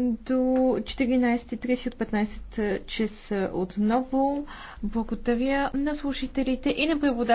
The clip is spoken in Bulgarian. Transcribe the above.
до 14.30 от 15 часа отново. Благодаря на слушателите и на преводачите.